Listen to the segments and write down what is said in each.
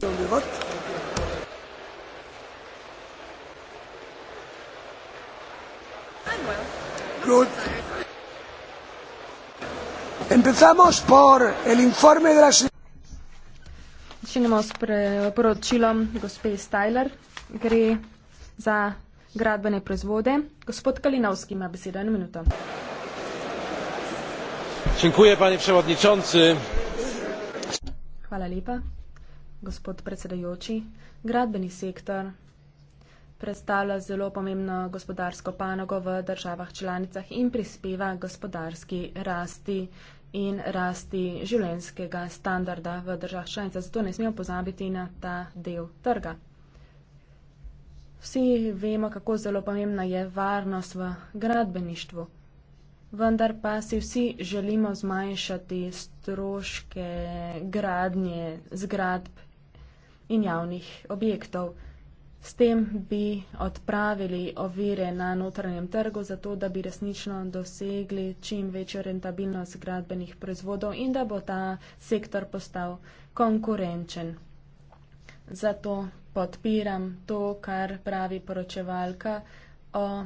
dans le vote. Good. Empezamos por el informe de la Začinimo s poročilom gospe Stajler. Gre za gradbene proizvode. Gospod Kalinovski ima besedo eno minuto. Dziękuję, panie przewodniczący. Hvala lepa gospod predsedajoči. Gradbeni sektor predstavlja zelo pomembno gospodarsko panogo v državah članicah in prispeva gospodarski rasti in rasti življenskega standarda v državah članicah. Zato ne smemo pozabiti na ta del trga. Vsi vemo, kako zelo pomembna je varnost v gradbeništvu. Vendar pa si vsi želimo zmanjšati stroške gradnje zgradb in javnih objektov. S tem bi odpravili ovire na notranjem trgu, zato da bi resnično dosegli čim večjo rentabilnost gradbenih proizvodov in da bo ta sektor postal konkurenčen. Zato podpiram to, kar pravi poročevalka o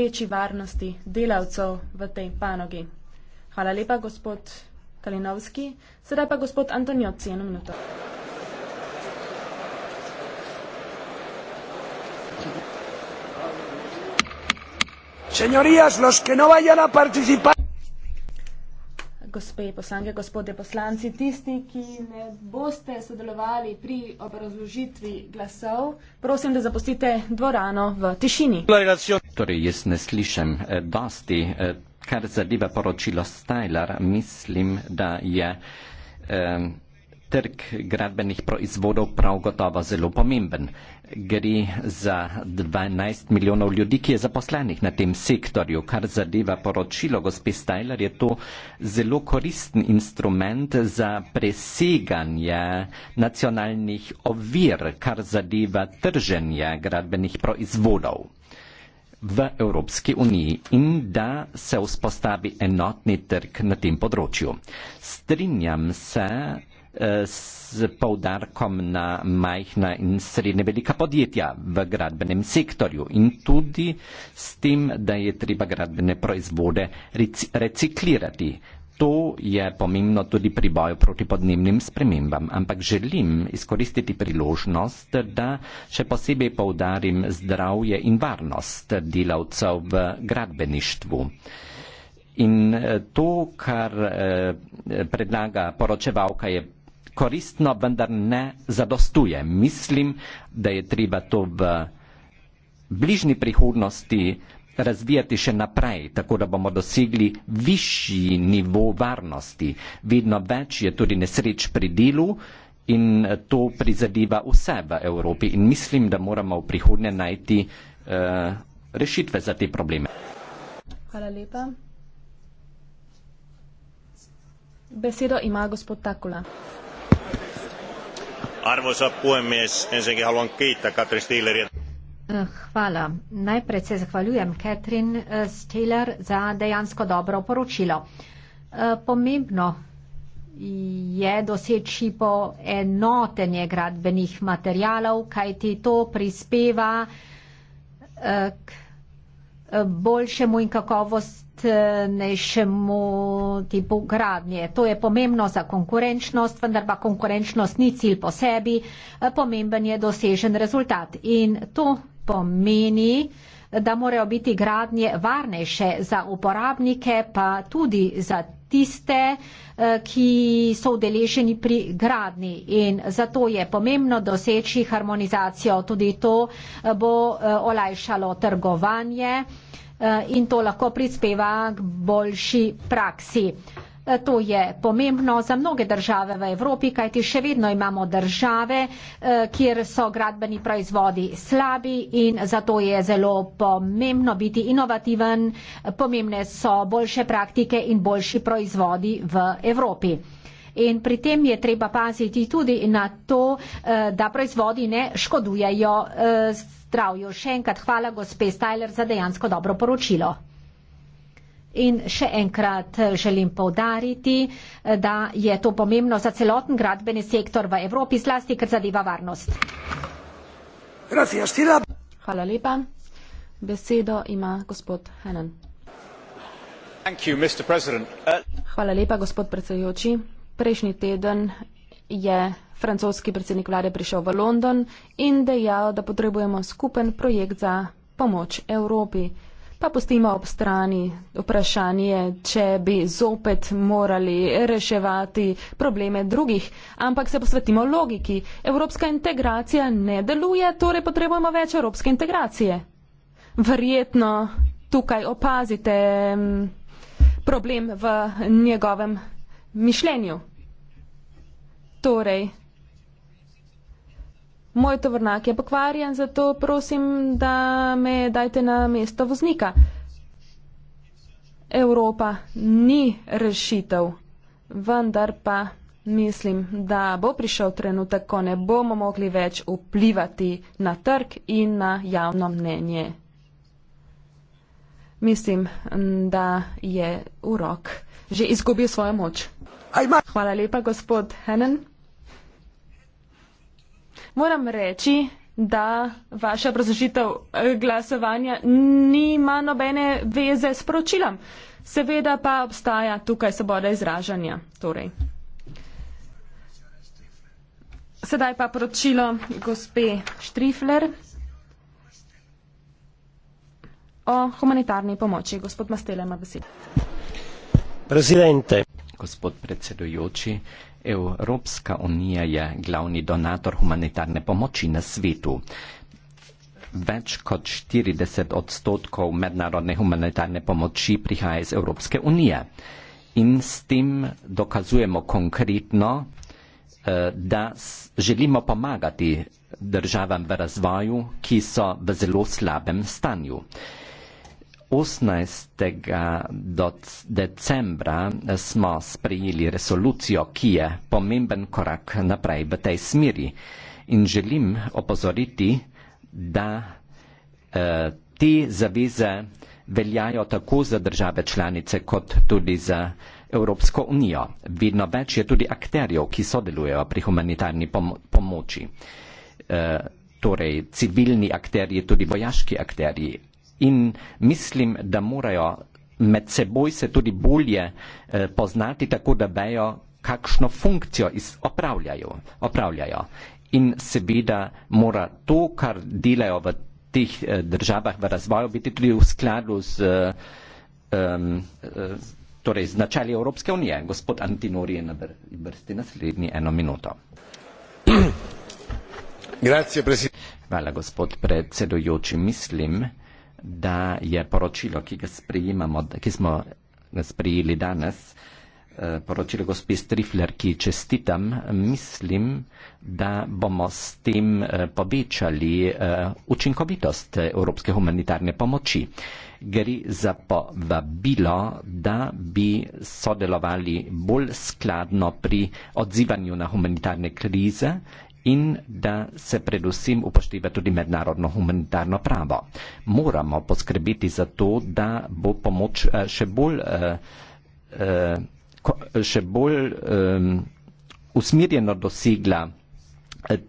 večji varnosti delavcev v tej panogi. Hvala lepa, gospod Kalinovski. Sedaj pa gospod Antonioci, eno minuto. No Gospe poslanke, gospode poslanci, tisti, ki ne boste sodelovali pri obrazložitvi glasov, prosim, da zapustite dvorano v tišini. Torej, jaz ne slišem eh, dosti, eh, kar zadeva poročilo Stajlar. Mislim, da je eh, trg gradbenih proizvodov prav gotovo zelo pomemben. Eh, gre za 12 milijonov ljudi, ki je zaposlenih na tem sektorju. Kar zadeva poročilo gospe Stajler, je to zelo koristen instrument za preseganje nacionalnih ovir, kar zadeva trženje gradbenih proizvodov v Evropski uniji in da se vzpostavi enotni trg na tem področju. Strinjam se z eh, poudarkom na majhna in srednje velika podjetja v gradbenem sektorju in tudi s tem, da je treba gradbene proizvode reciklirati. To je pomembno tudi pri boju proti podnebnim spremembam, ampak želim izkoristiti priložnost, da še posebej poudarim zdravje in varnost delavcev v gradbeništvu. In eh, to, kar eh, predlaga poročevalka, je koristno, vendar ne zadostuje. Mislim, da je treba to v bližnji prihodnosti razvijati še naprej, tako da bomo dosegli višji nivo varnosti. Vedno več je tudi nesreč pri delu in to prizadeva vse v Evropi in mislim, da moramo v prihodnje najti uh, rešitve za te probleme. Hvala lepa. Besedo ima gospod Takula arvoisa puhemies, ensinnäkin haluan kiittää Katrin Stihleria. Eh, hvala. Najprej se zahvaljujem Katrin eh, Stihler za dejansko dobro poročilo. Eh, pomembno je doseči po enotenje gradbenih materialov, kaj ti to prispeva k boljšemu in kakovost kvalitnejšemu tipu gradnje. To je pomembno za konkurenčnost, vendar pa konkurenčnost ni cilj po sebi, pomemben je dosežen rezultat. In to pomeni, da morajo biti gradnje varnejše za uporabnike, pa tudi za tiste, ki so udeleženi pri gradni. In zato je pomembno doseči harmonizacijo. Tudi to bo eh, olajšalo trgovanje. Eh, in to lahko prispeva k boljši praksi. Eh, to je pomembno za mnoge države v Evropi, kajti še vedno imamo države, eh, kjer so gradbeni proizvodi slabi in zato je zelo pomembno biti inovativen, pomembne so boljše praktike in boljši proizvodi v Evropi. In pri tem je treba paziti tudi na to, da proizvodi ne škodujejo zdravju. Še enkrat hvala gospe Styler za dejansko dobro poročilo. In še enkrat želim povdariti, da je to pomembno za celoten gradbeni sektor v Evropi, zlasti kar zadeva varnost. Hvala lepa. Besedo ima gospod Henan. Uh, hvala lepa, gospod predsedujoči. Prejšnji teden je francoski predsednik vlade prišel v London in dejal, da potrebujemo skupen projekt za pomoč Evropi. Pa pustimo ob strani vprašanje, če bi zopet morali reševati probleme drugih, ampak se posvetimo logiki. Evropska integracija ne deluje, torej potrebujemo več evropske integracije. Verjetno tukaj opazite mm, problem v njegovem mišljenju. Torej, moj tovornak je pokvarjen, zato prosim, da me dajte na mesto voznika. Evropa ni rešitev, vendar pa mislim, da bo prišel trenutek, ko ne bomo mogli več vplivati na trg in na javno mnenje. Mislim, da je urok že izgubil svojo moč. Hvala lepa, gospod Henen. Moram reči, da vaša prozažitev eh, glasovanja nima nobene veze s poročilom. Seveda pa obstaja tukaj svoboda izražanja. Torej. Sedaj pa poročilo gospe Štrifler o humanitarni pomoči. Gospod Mastele ima besedo. Presidente. Gospod predsedujoči, Evropska unija je glavni donator humanitarne pomoči na svetu. Več kot 40 odstotkov mednarodne humanitarne pomoči prihaja iz Evropske unije. In s tem dokazujemo konkretno, eh, da želimo pomagati državam v razvoju, ki so v zelo slabem stanju. 18. Do decembra smo sprejeli resolucijo, ki je pomemben korak naprej v tej smeri. In želim opozoriti, da eh, te zaveze veljajo tako za države članice, kot tudi za Evropsko unijo. Vedno več je tudi akterjev, ki sodelujejo pri humanitarni pom pomoči. Eh, torej civilni akterji, tudi vojaški akterji in mislim, da morajo med seboj se tudi bolje eh, poznati, tako da vejo, kakšno funkcijo iz, opravljajo, opravljajo. In seveda mora to, kar delajo v teh eh, državah v razvoju, biti tudi v skladu z, eh, eh, torej z načali Evropske unije. Gospod Antinori je na vrsti naslednji eno minuto. Hvala, gospod predsedujoči. Mislim, da je poročilo, ki ga sprejemamo, ki smo sprejeli danes, eh, poročilo gospe Strifler, ki čestitam, mislim, da bomo s tem eh, povečali eh, učinkovitost Evropske humanitarne pomoči. Gre za povabilo, da bi sodelovali bolj skladno pri odzivanju na humanitarne krize in da se predvsem upošteva tudi mednarodno humanitarno pravo. Moramo poskrbeti za to, da bo pomoč eh, še bolj, eh, eh, še bolj ehm, usmirjeno dosegla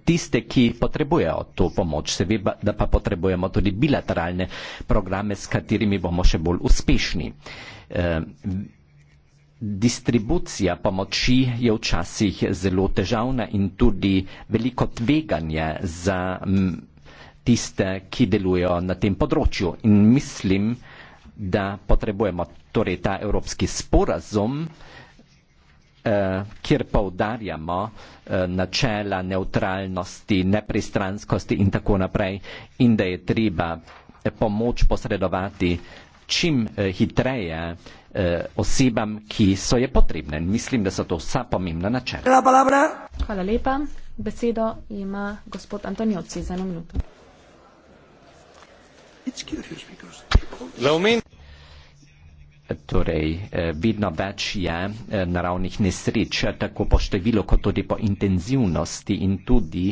tiste, ki potrebujejo to pomoč, seveda, da pa potrebujemo tudi bilateralne programe, s katerimi bomo še bolj uspešni. Ehm, distribucija pomoči je včasih zelo težavna in tudi veliko tveganje za tiste, ki delujejo na tem področju. In mislim, da potrebujemo torej ta evropski sporazum, eh, kjer poudarjamo eh, načela neutralnosti, nepristranskosti in tako naprej in da je treba eh, pomoč posredovati čim eh, hitreje eh, Eh, osebam, ki so je potrebne. Mislim, da so to vsa pomembna načela. Hvala lepa. Besedo ima gospod Antonijovci za eno minuto. Torej, eh, vedno več je eh, naravnih nesreč, tako po številu, kot tudi po intenzivnosti in tudi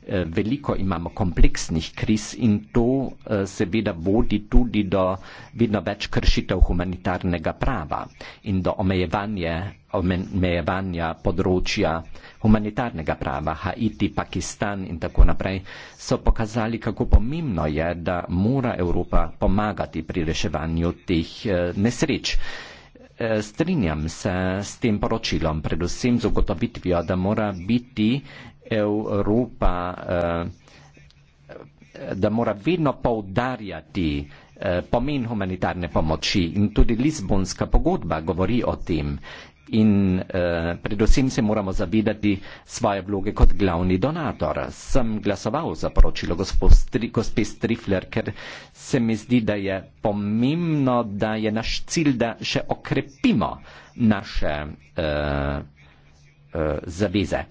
Eh, veliko imamo kompleksnih kriz in to eh, seveda vodi tudi do vedno več kršitev humanitarnega prava in do omejevanja, omejevanja področja humanitarnega prava. Haiti, Pakistan in tako naprej so pokazali, kako pomembno je, da mora Evropa pomagati pri reševanju teh eh, nesreč. Strinjam se s tem poročilom, predvsem z ugotovitvijo, da mora biti Evropa, eh, da mora vedno poudarjati eh, pomen humanitarne pomoči in tudi Lizbonska pogodba govori o tem in eh, predvsem se moramo zavedati svoje vloge kot glavni donator. Sem glasoval za poročilo gospe Strifler, ker se mi zdi, da je pomembno, da je naš cilj, da še okrepimo naše eh, eh, zaveze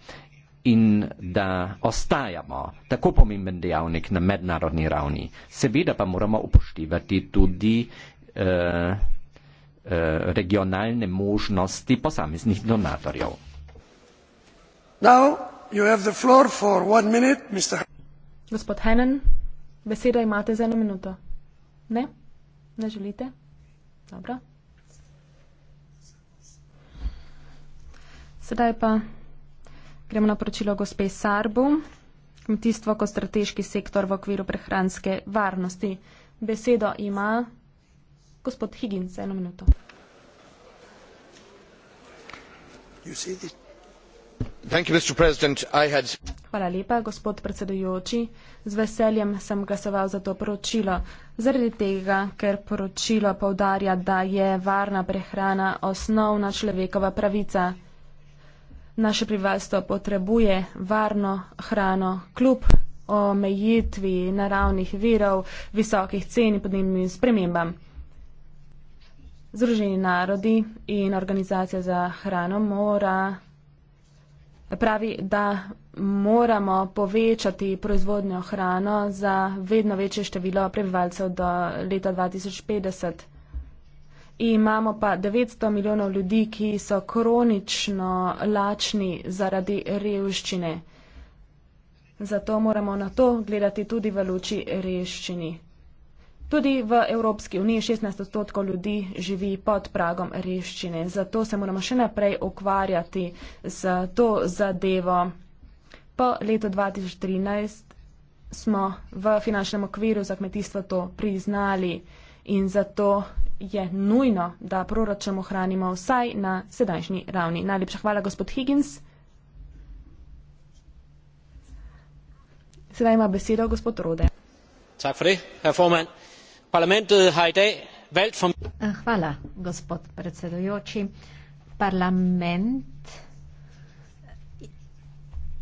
in da ostajamo tako pomemben dejavnik na mednarodni ravni. Seveda pa moramo upoštevati tudi eh, eh, regionalne možnosti posameznih donatorjev. Now you have the floor for one minute, Mr. Gospod Henen, beseda imate za eno minuto. Ne? Ne želite? Dobro. Sedaj pa Gremo na poročilo gospe Sarbu. Kmetijstvo kot strateški sektor v okviru prehranske varnosti. Besedo ima gospod Higgins, eno minuto. Hvala lepa, gospod predsedujoči. Z veseljem sem glasoval za to poročilo. Zaradi tega, ker poročilo povdarja, da je varna prehrana osnovna človekova pravica naše prebivalstvo potrebuje varno hrano, kljub omejitvi naravnih virov, visokih cen in podnebnim spremembam. Združeni narodi in organizacija za hrano mora pravi, da moramo povečati proizvodnjo hrano za vedno večje število prebivalcev do leta 2050 imamo pa 900 milijonov ljudi, ki so kronično lačni zaradi revščine. Zato moramo na to gledati tudi v luči revščini. Tudi v Evropski uniji 16 odstotkov ljudi živi pod pragom revščine, zato se moramo še naprej ukvarjati z to zadevo. Po letu 2013 smo v finančnem okviru za kmetijstvo to priznali in zato je nujno, da proračun ohranimo vsaj na sedajšnji ravni. Najlepša hvala, gospod Higgins. Sedaj ima besedo gospod Rode. Tak for det, herr formand. Parlamentet har i dag valgt for... Eh, hvala, gospod predsedujoči. Parlament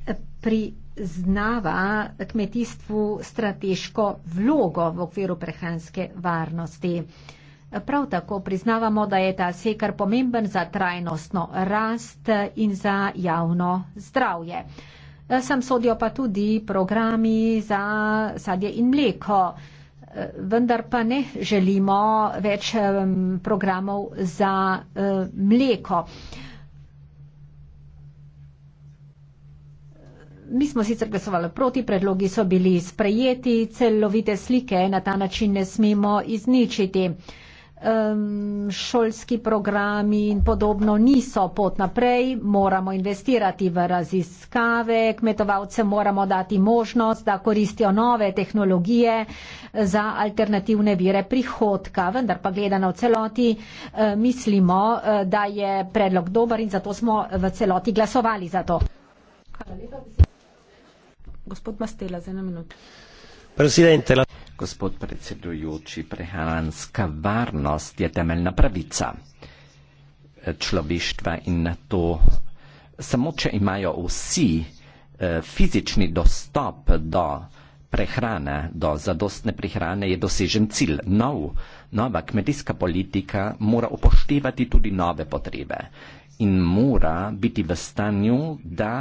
eh, priznava kmetijstvu strateško vlogo v okviru prehranske varnosti. Uh, Prav tako priznavamo, da je ta sekar pomemben za trajnostno rast in za javno zdravje. Sam sodijo pa tudi programi za sadje in mleko, vendar pa ne želimo več programov za mleko. Mi smo sicer glasovali proti, predlogi so bili sprejeti, celovite slike na ta način ne smemo izničiti šolski programi in podobno niso pot naprej, moramo investirati v raziskave, kmetovalce moramo dati možnost, da koristijo nove tehnologije za alternativne vire prihodka. Vendar pa gledano v celoti eh, mislimo, eh, da je predlog dober in zato smo v celoti glasovali za to. Hvala lepa. Gospod Mastela, za eno minuto. Presidente. La... Gospod predsedujoči, prehranska varnost je temeljna pravica človeštva in na to samo, če imajo vsi eh, fizični dostop do prehrane, do zadostne prehrane, je dosežen cilj. Nov, nova kmetijska politika mora upoštevati tudi nove potrebe in mora biti v stanju, da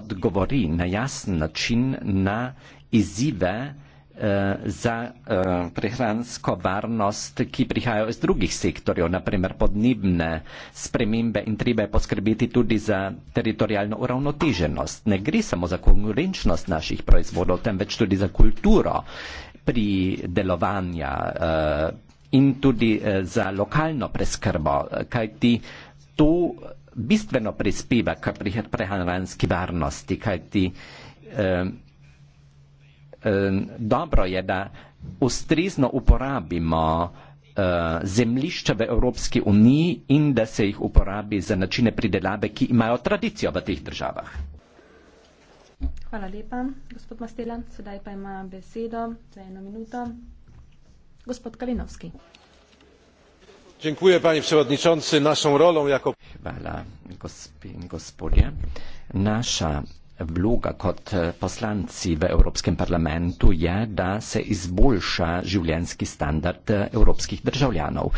odgovori na jasen način na izzive, Eh, za eh, prehransko varnost, ki prihajajo iz drugih sektorjev, naprimer podnebne spremembe in treba je poskrbeti tudi za teritorijalno uravnoteženost. Ne gre samo za konkurenčnost naših proizvodov, temveč tudi za kulturo pri delovanja eh, in tudi za lokalno preskrbo, kajti to bistveno prispeva k prehranski varnosti, kajti dobro je, da ustrezno uporabimo eh, zemljišča v Evropski uniji in da se jih uporabi za načine pridelave, ki imajo tradicijo v teh državah. Hvala lepa, gospod Mastela. Sedaj pa ima besedo za eno minuto. Gospod Kalinovski. Dziękuję panie przewodniczący. Naszą rolą jako. Hvala, gospodje. Naša vloga kot eh, poslanci v Evropskem parlamentu je, da se izboljša življenski standard eh, evropskih državljanov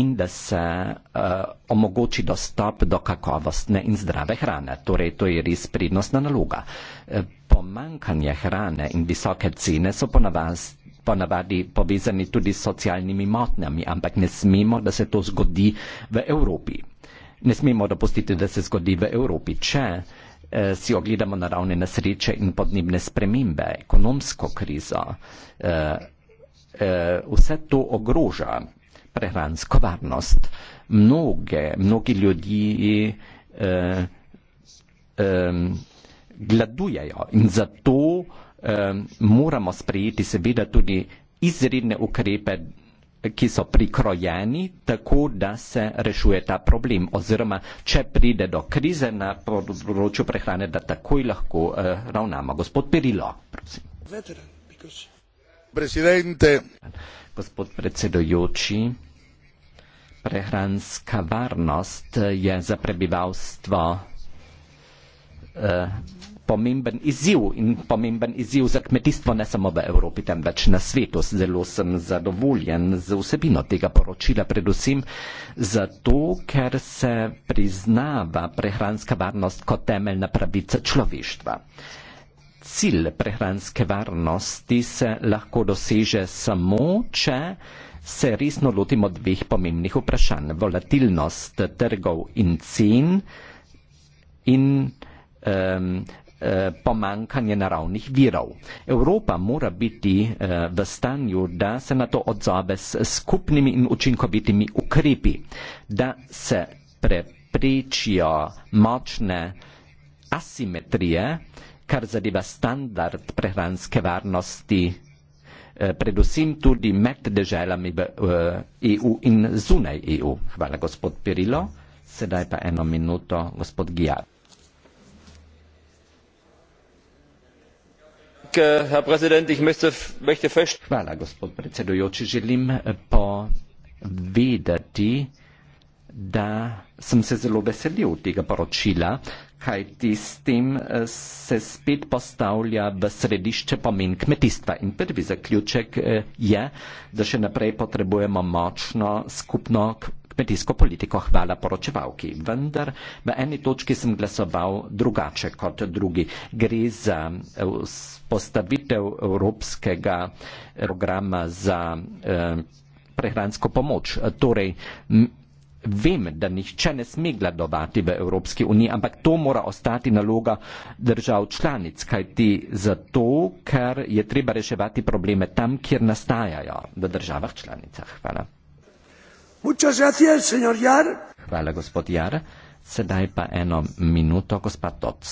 in da se uh, omogoči dostop do kakovostne in zdrave hrane. Torej, to je res prednostna naloga. Pomankanje hrane in visoke cene so ponavadi povezani tudi s socialnimi motnjami, ampak ne smemo, da se to zgodi v Evropi. Ne smemo dopustiti, da se zgodi v Evropi. Če uh, eh, si ogledamo naravne nesreče in podnebne spremembe, ekonomsko krizo, eh, eh, vse to ogroža prehransko varnost. Mnoge, mnogi ljudje eh, eh, gladujejo in zato eh, moramo sprejeti seveda tudi izredne ukrepe ki so prikrojeni, tako da se rešuje ta problem. Oziroma, če pride do krize na področju prehrane, da takoj lahko eh, ravnamo. Gospod Perilo, prosim. Presidente. Gospod predsedujoči, prehranska varnost eh, je za prebivalstvo. Eh, pomemben izziv in pomemben izziv za kmetijstvo ne samo v Evropi, temveč na svetu. Zelo sem zadovoljen z vsebino tega poročila, predvsem zato, ker se priznava prehranska varnost kot temeljna pravica človeštva. Cilj prehranske varnosti se lahko doseže samo, če se resno lotimo dveh pomembnih vprašanj. Volatilnost trgov in cen in um, Eh, pomankanje naravnih virov. Evropa mora biti eh, v stanju, da se na to odzove s skupnimi in učinkovitimi ukrepi, da se preprečijo močne asimetrije, kar zadeva standard prehranske varnosti, eh, predvsem tudi med deželami v EU e in zunaj EU. Hvala, gospod Pirilo. Sedaj pa eno minuto, gospod Gijar. hvala gospod predsedujoči želim eh, povedati da sem se zelo veselil tega poročila kajti s tem eh, se spet postavlja v središče pomen kmetijstva in prvi zaključek eh, je da še naprej potrebujemo močno skupno kmetijsko politiko kmetijsko politiko hvala poročevalki. Vendar v eni točki sem glasoval drugače kot drugi. Gre za eh, postavitev evropskega eh, programa za eh, prehransko pomoč. Torej, Vem, da nihče ne sme gledovati v Evropski uniji, ampak to mora ostati naloga držav članic, kajti zato, ker je treba reševati probleme tam, kjer nastajajo v državah članicah. Hvala. Muchas gracias, señor Yar. Hvala, gospod Jar. Sedaj pa eno minuto, gospod Toc.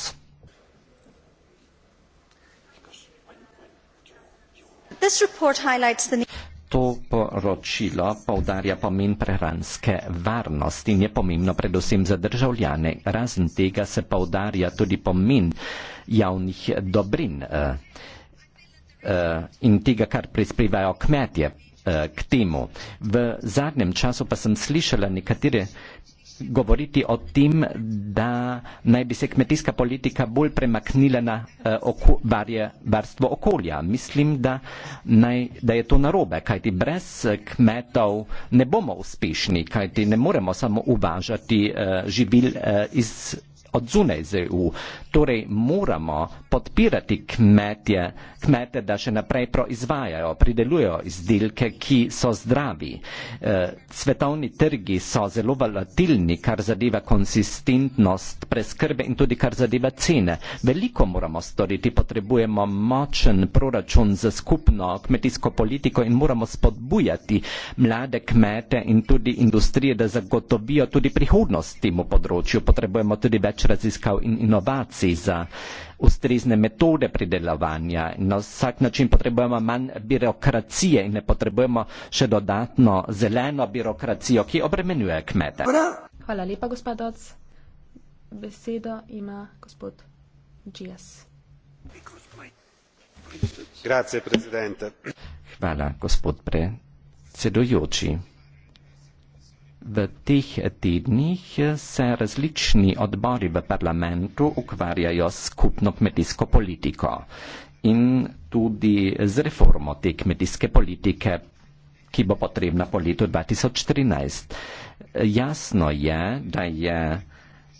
To poročilo povdarja pomen prehranske varnosti in je pomembno predvsem za državljane. Razen tega se povdarja tudi pomen javnih dobrin uh, uh, in tega, kar prispevajo kmetje. Eh, k temu. V zadnjem času pa sem slišala nekatere govoriti o tem, da naj bi se kmetijska politika bolj premaknila na eh, oko, varje, varstvo okolja. Mislim, da, naj, da je to narobe, kajti brez eh, kmetov ne bomo uspešni, kajti ne moremo samo uvažati uh, živil uh, iz od zunaj ZEU. Torej moramo podpirati kmetje, kmete, da še naprej proizvajajo, pridelujejo izdelke, ki so zdravi. E, svetovni trgi so zelo volatilni, kar zadeva konsistentnost preskrbe in tudi kar zadeva cene. Veliko moramo storiti, potrebujemo močen proračun za skupno kmetijsko politiko in moramo spodbujati mlade kmete in tudi industrije, da zagotovijo tudi prihodnost temu področju. Potrebujemo tudi več več raziskav in inovacij za ustrezne metode pridelovanja. Na vsak način potrebujemo manj birokracije in ne potrebujemo še dodatno zeleno birokracijo, ki obremenjuje kmete. Hvala lepa, gospod Doc. Besedo ima gospod Džijas. Hvala, gospod predsedujoči. V teh tednih se različni odbori v parlamentu ukvarjajo s skupno kmetijsko politiko in tudi z reformo te kmetijske politike, ki bo potrebna po letu 2013. Jasno je, da je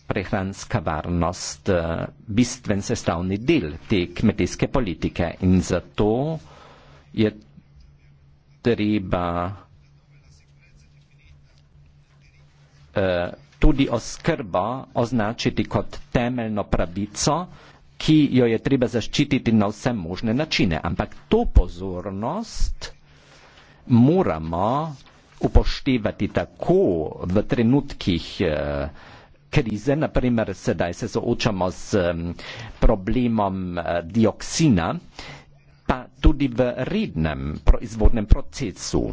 prehranska varnost eh, bistven sestavni del te kmetijske politike in zato je treba Eh, tudi oskrbo označiti kot temeljno pravico, ki jo je treba zaščititi na vse možne načine. Ampak to pozornost moramo upoštevati tako v trenutkih eh, krize, naprimer sedaj se soočamo z mm, problemom eh, dioksina, pa tudi v rednem proizvodnem procesu.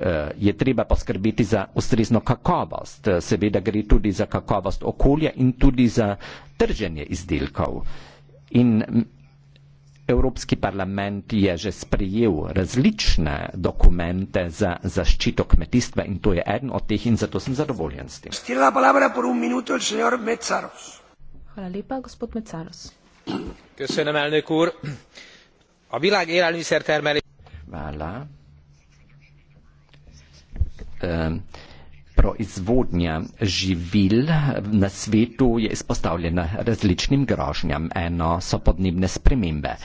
Eh, je treba poskrbeti za ustrezno kakovost. Eh, seveda gre tudi za kakovost okolja in tudi za trženje izdelkov. In Evropski parlament je že sprejel različne dokumente za zaščito kmetijstva in to je eden od teh in zato sem zadovoljen s tem. Hvala lepa, gospod Mecaros. Hvala. Eh, proizvodnja živil na svetu je izpostavljena različnim grožnjam. Eno so podnebne spremembe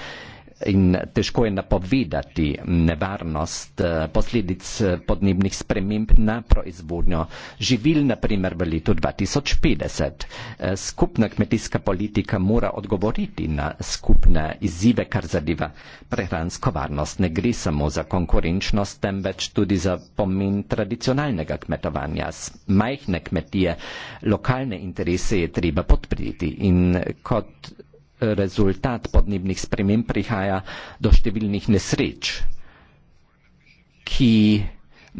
in težko je napovedati nevarnost eh, posledic eh, podnebnih sprememb na proizvodnjo živil, naprimer v letu 2050. Eh, skupna kmetijska politika mora odgovoriti na skupne izzive, kar zadeva prehransko varnost. Ne gre samo za konkurenčnost, temveč tudi za pomen tradicionalnega kmetovanja. Z majhne kmetije, lokalne interese je treba podpriti in kot rezultat podnebnih sprememb prihaja do številnih nesreč, ki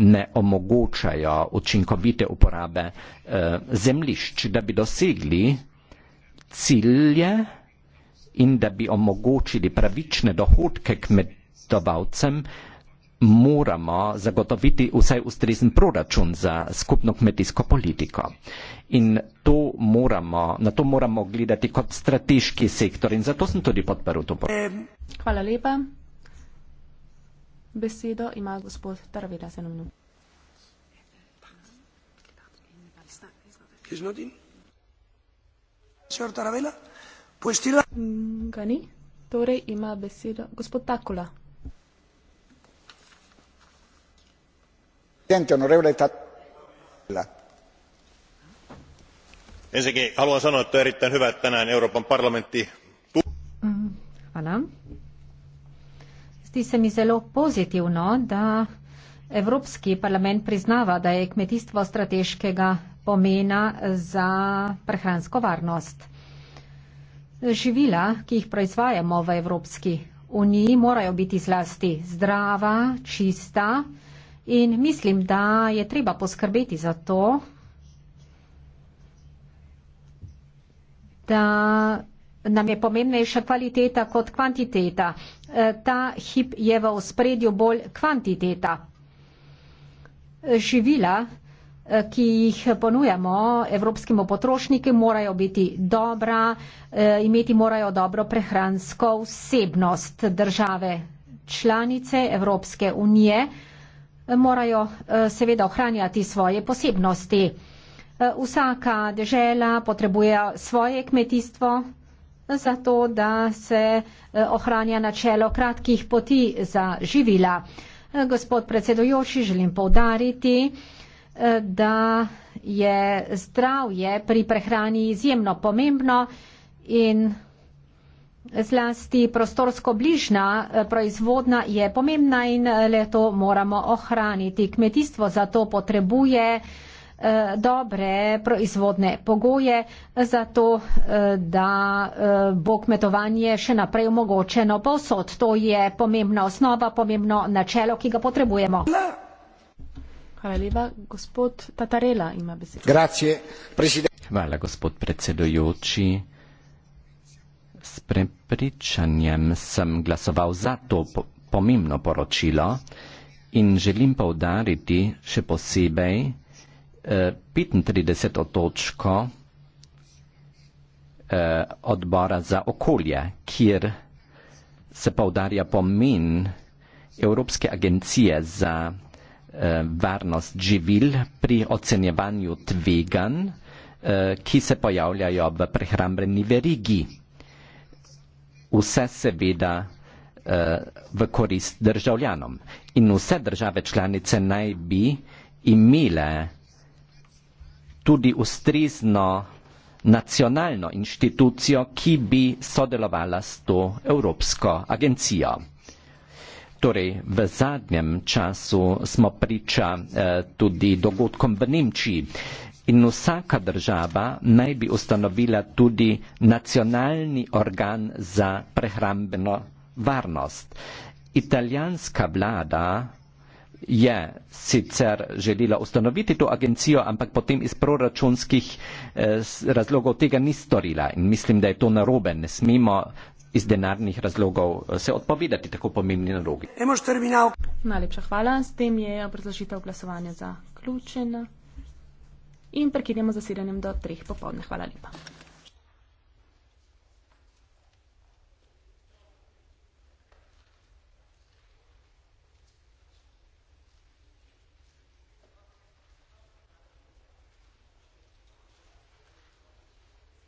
ne omogočajo učinkovite uporabe eh, zemljišč, da bi dosegli cilje in da bi omogočili pravične dohodke kmetovalcem, eh, moramo zagotoviti vsaj ustrezen proračun za skupno kmetijsko politiko. In to moramo, na to moramo gledati kot strateški sektor in zato sem tudi podprl to poročilo. Hvala lepa. Besedo ima gospod Tarveda Senovnu. Mm, ga ni, torej ima besedo gospod Takula. presidente onorevole tarabella ensinnäkin haluan sanoa että on erittäin hyvä että tänään euroopan parlamentti mm, Zdi se mi zelo pozitivno, da Evropski parlament priznava, da je kmetijstvo strateškega pomena za prehransko varnost. Živila, ki jih proizvajamo v Evropski uniji, morajo biti zlasti zdrava, čista In mislim, da je treba poskrbeti za to, da nam je pomembnejša kvaliteta kot kvantiteta. E, ta hip je v ospredju bolj kvantiteta. Živila, e, ki jih ponujamo evropskim potrošnikom, morajo biti dobra, e, imeti morajo dobro prehransko vsebnost države članice Evropske unije morajo eh, seveda ohranjati svoje posebnosti. Eh, vsaka dežela potrebuje svoje kmetijstvo, eh, zato da se ohranja načelo kratkih poti za živila. Gospod predsedujoči, želim povdariti, da je zdravje pri prehrani izjemno pomembno in Zlasti prostorsko bližna eh, proizvodna je pomembna in eh, leto moramo ohraniti. Kmetijstvo zato potrebuje eh, dobre proizvodne pogoje, zato da bo kmetovanje še naprej omogočeno posod. To je pomembna osnova, pomembno načelo, ki ga potrebujemo. Hvala lepa. Gospod Tatarela ima besedo. Hvala, gospod predsedujoči s prepričanjem sem glasoval za to pomembno poročilo in želim povdariti še posebej 35. Eh, točko eh, odbora za okolje, kjer se povdarja pomen Evropske agencije za eh, varnost živil pri ocenjevanju tvegan, ki se pojavljajo v prehrambreni verigi vse seveda eh, v korist državljanom. In vse države članice naj bi imele tudi ustrezno nacionalno inštitucijo, ki bi sodelovala s to Evropsko agencijo. Torej, v zadnjem času smo priča eh, tudi dogodkom v Nemčiji in vsaka država naj bi ustanovila tudi nacionalni organ za prehrambeno varnost. Italijanska vlada je sicer želela ustanoviti to agencijo, ampak potem iz proračunskih eh, razlogov tega ni storila in mislim, da je to narobe. Ne smemo iz denarnih razlogov eh, se odpovedati tako pomembni nalogi. Najlepša hvala. S tem je obrazložitev glasovanja zaključena in prekinjamo zasedanjem do treh popovdne. Hvala lepa.